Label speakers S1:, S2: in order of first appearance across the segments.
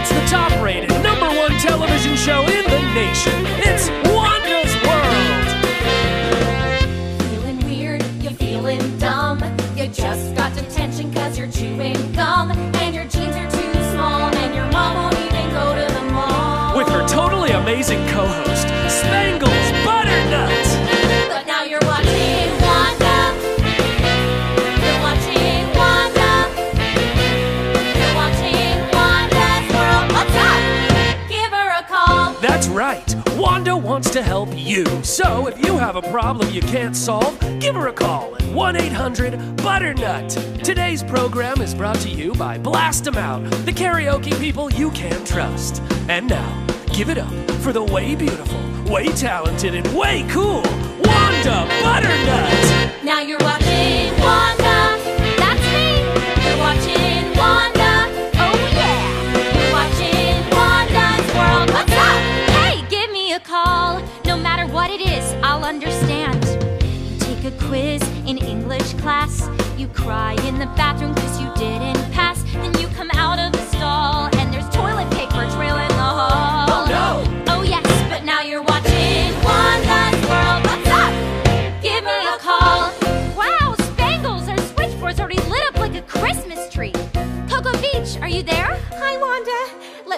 S1: It's the top rated number one television show in the nation. It's Wanda's World. Feeling weird, you're feeling dumb. You just got detention cause you're chewing gum. And your jeans are too small, and your mom won't even go to the mall. With her totally amazing co host, Spangles Butternut. That's right, Wanda wants to help you. So if you have a problem you can't solve, give her a call at 1 800 Butternut. Today's program is brought to you by Blast 'em Out, the karaoke people you can trust. And now, give it up for the way beautiful, way talented, and way cool Wanda Butternut. Now you're watching Wanda.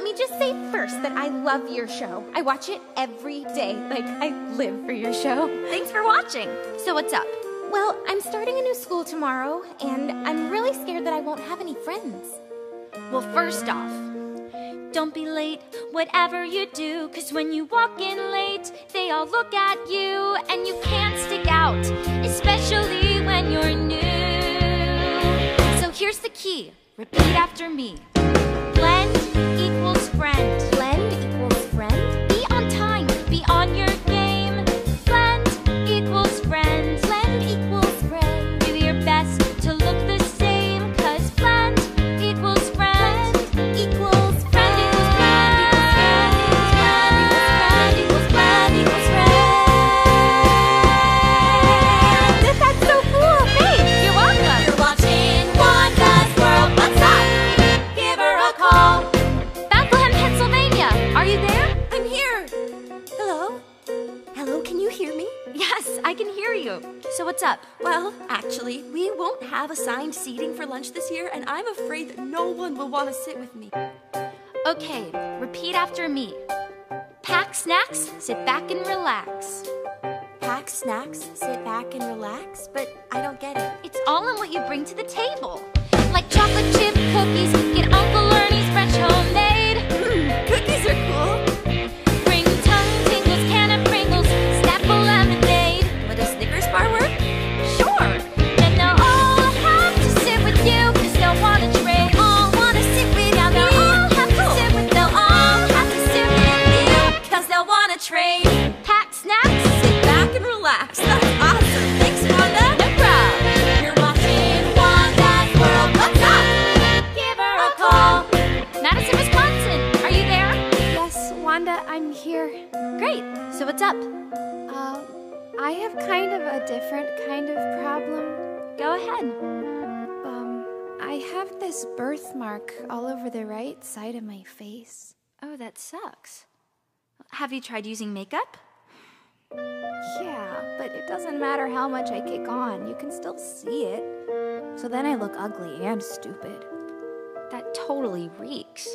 S1: Let me just say first that I love your show. I watch it every day. Like, I live for your show. Thanks for watching. So, what's up? Well, I'm starting a new school tomorrow, and I'm really scared that I won't have any friends. Well, first off, don't be late, whatever you do, cause when you walk in late, they all look at you, and you can't stick out, especially when you're new. So here's the key repeat after me blend equals friend. Blend equals friend. Be on time. Be on your Yes, I can hear you. So what's up? Well, actually, we won't have assigned seating for lunch this year, and I'm afraid that no one will want to sit with me. Okay, repeat after me. Pack snacks, sit back and relax. Pack snacks, sit back and relax? But I don't get it. It's all in what you bring to the table. Like chocolate chip cookies, I'm here. Great. So what's up? Uh, I have kind of a different kind of problem. Go ahead. Um, I have this birthmark all over the right side of my face. Oh, that sucks. Have you tried using makeup? Yeah, but it doesn't matter how much I kick on, you can still see it. So then I look ugly and stupid. That totally reeks.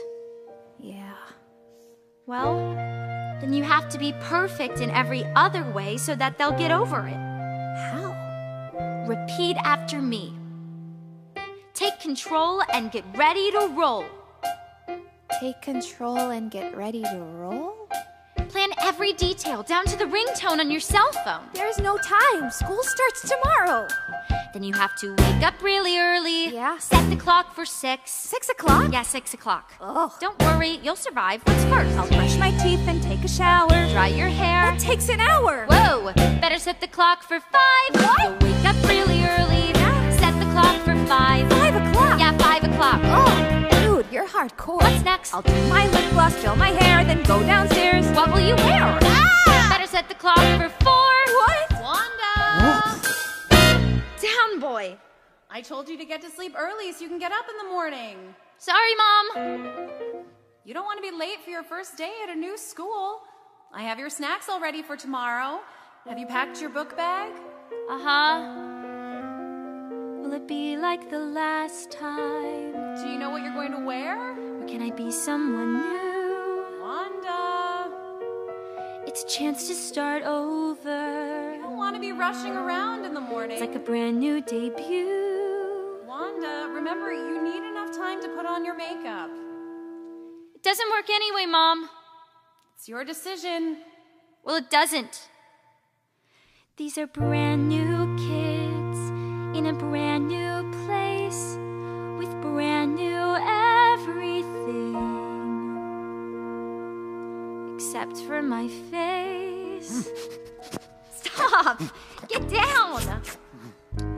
S1: Yeah. Well, then you have to be perfect in every other way so that they'll get over it. How? Repeat after me. Take control and get ready to roll. Take control and get ready to roll? every detail, down to the ringtone on your cell phone. There's no time. School starts tomorrow. Then you have to wake up really early. Yeah. Set the clock for six. Six o'clock? Yeah, six o'clock. Oh. Don't worry, you'll survive. What's first? I'll brush my teeth and take a shower. Dry your hair. That takes an hour. Whoa! Better set the clock for five. What? You'll wake up really early. Yeah. Set the clock for five. Five o'clock? Yeah, five o'clock. Oh, dude, you're hardcore. What's next? I'll do my lip gloss, fill my hair, then go downstairs. What will you wear? Ah! Better set the clock for four. What? Wanda! What? Down, boy. I told you to get to sleep early so you can get up in the morning. Sorry, Mom. You don't want to be late for your first day at a new school. I have your snacks all ready for tomorrow. Have you packed your book bag? Uh-huh. Will it be like the last time? Do you know what you're going to wear? can I be someone new? Wanda! It's a chance to start over. You don't want to be rushing around in the morning. It's like a brand new debut. Wanda, remember, you need enough time to put on your makeup. It doesn't work anyway, Mom. It's your decision. Well, it doesn't. These are brand new kids in a brand new place. for my face. Stop! Get down!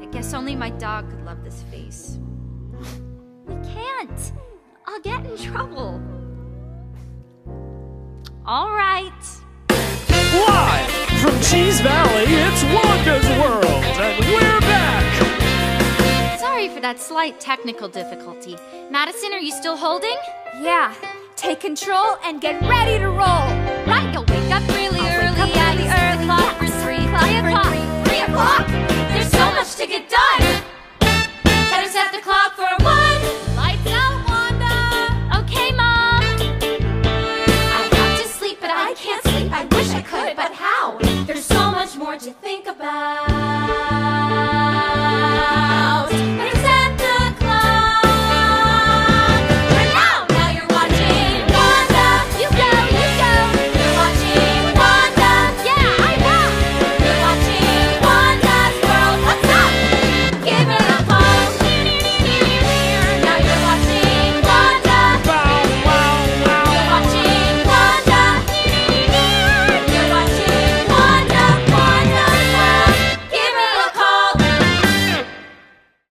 S1: I guess only my dog could love this face. We can't! I'll get in trouble. All right. Live from Cheese Valley, it's Wonka's World, and we're back! Sorry for that slight technical difficulty. Madison, are you still holding? Yeah. Take control and get ready to roll! o'clock, for three, three o'clock, three o'clock. There's so much to get done. Better set the clock for